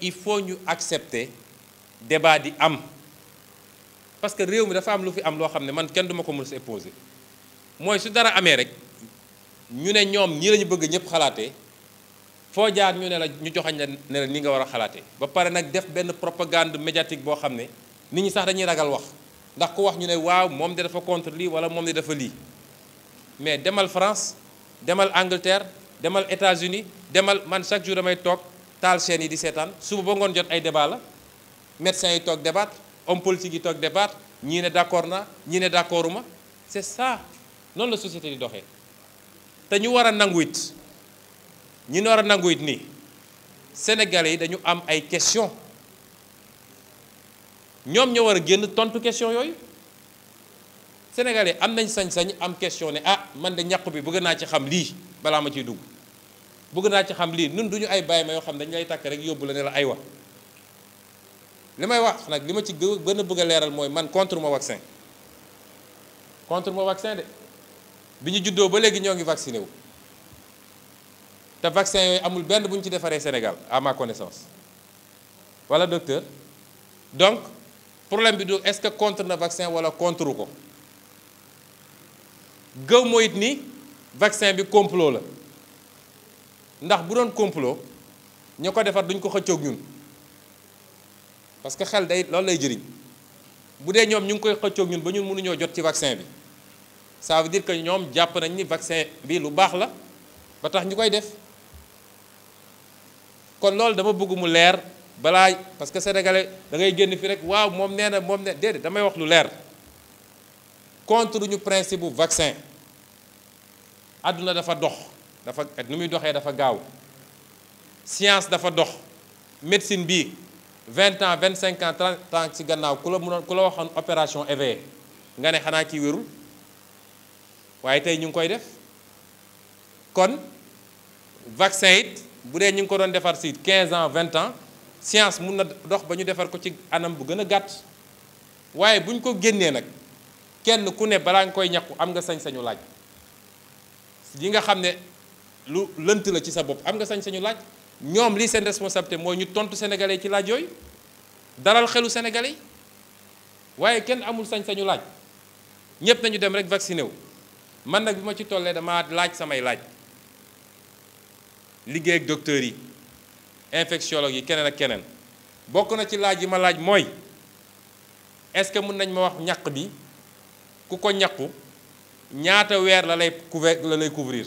il faut ñu accepter débat di am parce que réew mi dafa am lu fi am lo xamné man kenn duma ko moy su dara l'Amérique. rek ñu né ñom ñi lañu bëgg ñëpp xalaté fo jaar ñu né la ñu joxañ la né ni nga wara a ba paré def propagande médiatique bo xamné sax dañuy ragal wax ndax ku wax ñu waaw de dafa contre li wala mom dafa li mais demal France demal Angleterre demal États-Unis demal man chaque jour taal seen yi di seetaan suba ba ngoon jot ay débat la médecins yi toog débat homme politique yi toog débat ñii ne d'accord na ñii ne ma c'est ça noonu la société di doxee te ñu war a nangu it ñi war a nanguwit it nii sénégalais yi dañu am ay question ñoom ñoo war a génn tontu question yooyu sénégalais am nañ sañ-sañ am question ne ah man de ñàkk bi bëgg naa ci xam lii balaa ma ciy dugg bëgg naa ci xam lii nun du ñu ay bàyyi ma yoo xam dañ lay tàkk rek yóbbu la ne la ay wa li may wax nag li ma ci gën a bëgg leeral mooy man contre ma vaccin contre ma vaccin de bi ñu juddoo ba léegi ñoo ngi vacciné wu te vaccin yooyu amul benn bu ñu ci defaree Sénégal à ma connaissance wala docteur donc problème bi du est-ce que contre na vaccin wala contre ko gëw mooy it ni vaccin bi complot la ndax bu doon complot ñu ko defar duñ ko xëccoog ñun parce que xel day loolu lay jëriñ bu dee ñoom ñu ngi koy xëccoog ñun ba ñun mënuñoo jot ci vaccin bi ça veut que ñoom jàpp nañ ni vaccin bi lu baax la ba tax ñu koy def kon loolu dama bëgg mu leer balaa parce que sénégalais da ngay génn fii rek waaw moom nee na moom nee déedéet damay wax lu leer contre ñu principe bu vaccin àdduna dafa dox dafa et nu muy doxee dafa gaaw science dafa dox médecine bi 20 ans 25 ans 30 ans ci gannaaw ku la mënoon ku la waxoon opération éveillé nga ne xanaa kii wérul waaye tey ñu ngi koy def kon vaccin it bu dee ñu ngi ko doon defar si 15 ans 20 ans science mun na dox ba ñu defar ko ci anam bu gën a gàtt waaye bu ko génnee nag kenn ku ne balaa nga koy ñaqu am nga sañ-sañu laaj yi nga xam ne lu lënt la ci sa bopp am nga sañ-sañu laaj ñoom lii seen responsabilité mooy ñu tontu sénégalais ci laaj yooyu dalal xelu sénégalais waaye kenn amul sañ-sañu laaj ñépp nañu dem rek vacciné wu man nag bi ma ci tollee dama laaj samay laaj liggéey ak docteurs yi infectiologue yi keneen ak keneen bokk na ci laaj yi ma laaj mooy est-ce que mën nañ ma wax ñàq bi ku ko ñàqu ñaata weer la lay couvrir la lay couvrir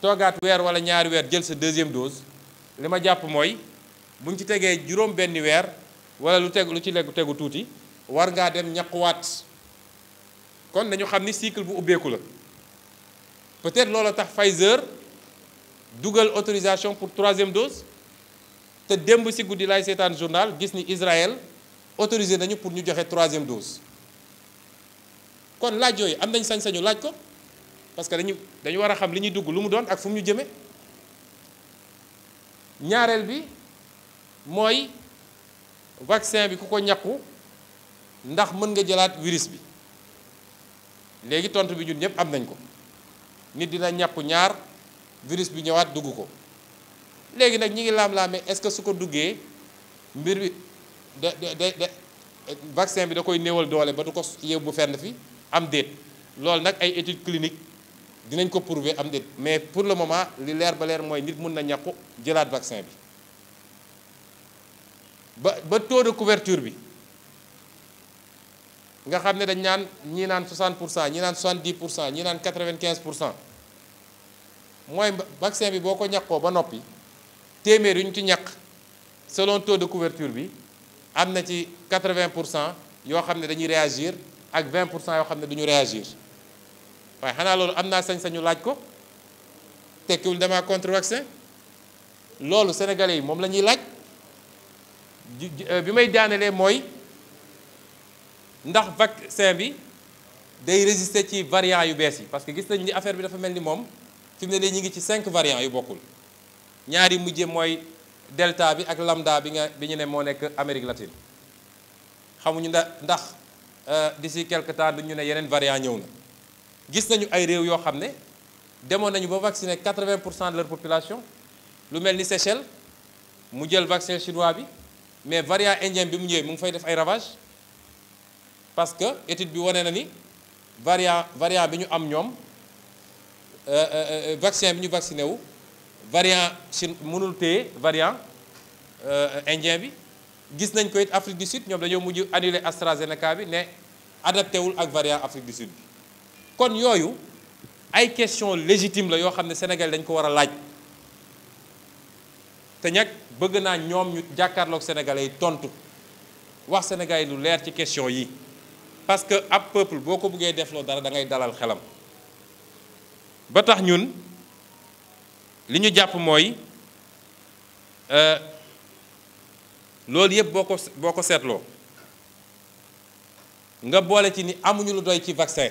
toogaat weer wala ñaari weer jël sa deuxième dose li ma jàpp mooy buñ ci tegee juróom benni weer wala lu teg lu ci legu tegu tuuti war ngaa dem ñaquwaat kon nañu xam ni cycle bu ubbeeku la peut-être loola tax Pfizer dugal autorisation pour troisième dose te démb si guddi lay seetaan journal gis ni Israël autorisé nañu pour ñu joxe troisième dose kon laaj yooyu am nañ sañ-sañu laaj ko parce que dañu dañu war a xam li ñuy dugg lu mu doon ak fu mu ñu jëme ñaareel bi mooy vaccin bi ku ko ñàkku ndax mën nga jëlaat virus bi léegi tontu bi ñun ñëpp am nañ ko nit dina ñàkku ñaar virus bi ñëwaat dugg ko léegi nag ñi ngi laam-laamee est-ce que su ko duggee mbir bi da da da vaccin bi da koy néewal doole ba du ko yóbbu fenn fi am déet loolu nag ay études cliniques dinañ ko prouver am mais pour le moment li leer ba leer mooy nit mun na ñàkku le vaccin bi ba taux de couverture bi nga xam dañ 60 70 95 pour vaccin bi boo le prenez, ba vous téeméer ci selon taux de couverture bi y a 80 qui cent réagir ak 20 qui cent ne réagir. waaye xanaa loolu am naa sañ-sañu laaj ko tekkiwul dama contre vaccin loolu sénégalais yi moom lañuy laaj euh, bi may daanelee mooy ndax vaccin bi day résister ci variant yu bees yi parce que gis nañu ni affaire bi dafa mel ni moom fi ne nii ñu ngi ci cinq variants yu bokkul ñaari mujje mooy delta bi ak lamda bi nga bi ñu ne moo nekk Amérique latine xamuñu ndax ndax euh, d'ici quelque temps duñu ne yeneen variant ñëw na gis nañu ay réew yo xamné ne nañu ba vacciner 80 de leur population lu melni Seychelles mu jël vaccin chinois bi mais variant indien bi mu ñëw mu ngi fay def ay ravages parce que étude bi woné na ni variant variant bi ñu am euh, euh, euh vaccin bi ñu vacciné wu variant mënul té variant euh, indien bi gis nañ ko it Afrique du Sud ñom dañu muju annuler AstraZeneca bi ne adapté wul ak variant Afrique du Sud bi kon yoyu ay question légitime la yo xamné Sénégal dañ ko wara laaj Té ñak bëgg na ñom ñu jàkkaarloog sénégalais tontu wax sénégalais lu leer ci question yi parce que ap peuple boko bëggé def lo dara da ngay dalal xelam ba tax ñun li ñu japp moy euh lool boo boko boko ko nga bolé ci ni amuñu lu doy ci vaccin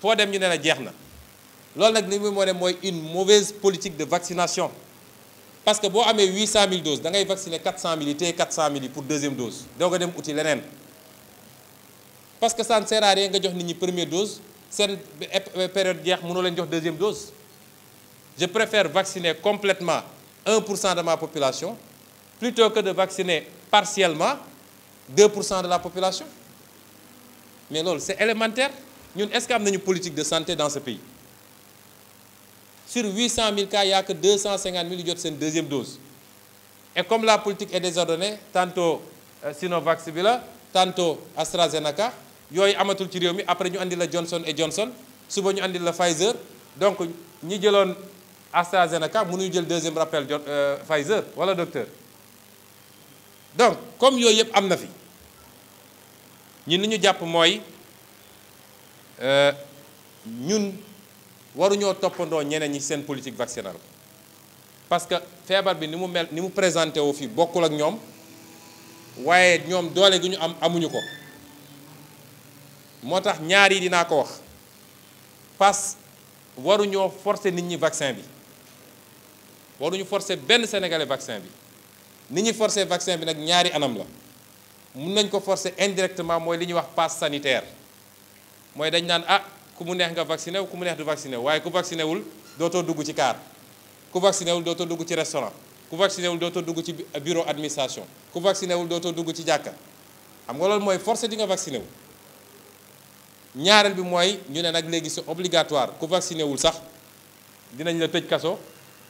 Pour dem ñu que la une mauvaise politique de vaccination parce que boo 800 000 doses da ngay vacciner 400 000 téye 400 000 pour deuxième dose donc nga dem outil parce que ça ne sert à rien nga jox nit ñi première dose une période jeex mënoo jox deuxième dose je préfère vacciner complètement 1 de ma population plutôt que de vacciner partiellement 2 de la population mais c'est élémentaire nous, est-ce y a une politique de santé dans ce pays sur 800 000 cas il n'y a que 250 000 ont jot une deuxième dose et comme la politique est désordonnée tantôt euh, Sinovac bi la tantôt AstraZeneca il y a Amatul après nous, andi la Johnson et Johnson souvent nous, avons la Pfizer donc nous avons AstraZeneca avons le deuxième rappel euh, Pfizer Voilà, docteur donc comme il y a na fi ñi ni ñu de euh, ñun ñoo toppandoo ñeneen ñi seen politique vaccinale parce que feebar bi ni mu mel ni mu présenté au fi bokkul ak ñoom waaye ñoom doole gi ñu am amuñu ko moo tax ñaar yi dinaa ko wax pass waruñoo forcer nit ñi vaccin bi waruñu forcer benn sénégalais vaccin bi nit ñi forcer vaccin bi nag ñaari anam la mun nañ ko forcer indirectement mooy li ñuy wax passe sanitaire mooy dañ naan ah ku mu neex nga vacciné ku mu neex du vacciné waaye ku vacciné wul dootoo dugg ci kaar ku vacciné wul dootoo dugg ci restaurant ku vacciné wul dootoo dugg ci euh, bureau administration ku vacciné wul dootoo dugg ci jàkka xam nga loolu mooy forcé di nga vacciné wu. ñaareel bi mooy ñu ne nag léegi si obligatoire ku vacciné wul sax dinañ la tëj kaso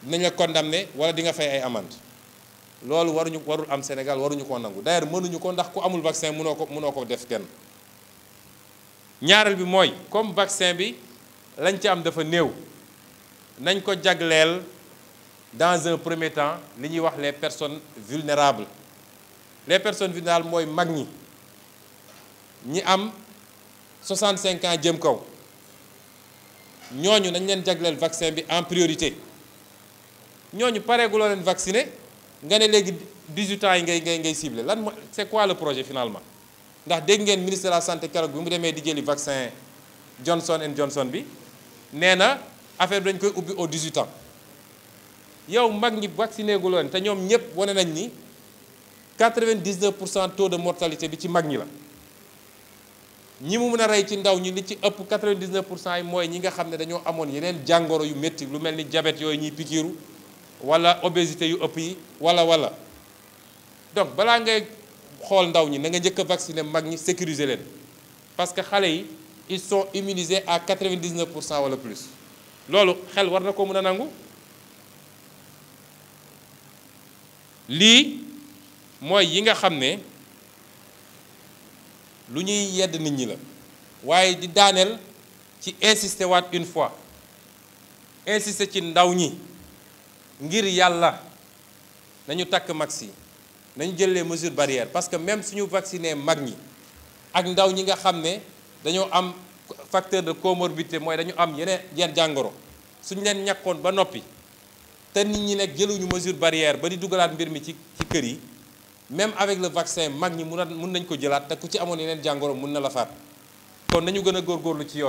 dinañ la condamné wala di nga fay ay amende loolu waruñu warul am Sénégal waruñu koo nangu d'ailleurs mënuñu ko ndax ku amul vaccin mënoo ko mënoo ko def kenn. ñaaral bi mooy comme vaccin bi lañ ci am dafa néew nañ ko dans un premier temps li les personnes vulnérables les personnes vulnérables mooy ñi am 65 ans jëm kaw ñooñu nañ leen vaccin en priorité ñooñu ne leen vacciné nga ne 18 ans ngay ngay ngay c'est quoi le projet finalement ndax dégg ngeen ministre de la santé keroog bi mu demee di jëli vaccin Johnson and Johnson bi nee na affaire bi dañ koy ubbi au 18 ans yow mag ñi vacciné gu loon te ñoom ñëpp wane nañ ni 99 taux de mortalité bi ci mag Ni la ñi mu mën a ci ndaw ñi li ci 99 pour cent yi mooy ñi nga xam dañoo amoon yeneen jàngoro yu métti lu mel ni diabète yooyu ñuy pikiiru wala obésité yu ëpp yi wala wala donc balaa ngay xool ndaw ñi na nga njëkk a vacciner mag ñi sécuriser leen parce que xale yi ils sont immunisés à 99 pour cent wala plus loolu xel war na ko mën a nangu lii mooy yi nga xam lu ñuy yedd nit ñi la waaye di daaneel ci insister waat une fois insister ci ndaw ñi ngir yàlla nañu takk max nañ jël les mesures barrières parce que même suñu vacciné mag ak ndaw ñi nga xam am facteur de comorbidité mooy dañu am yene yenn jàngoro suñ leen ñàkkoon ba noppi te nit ñi nekk jëluñu mesure barrière ba di dugalaat mbir mi ci ci kër yi même avec le vaccin magni, ñi mun nañ ko jëlaat te ku ci amoon yeneen jàngoro mun na la faat kon nañu gën ci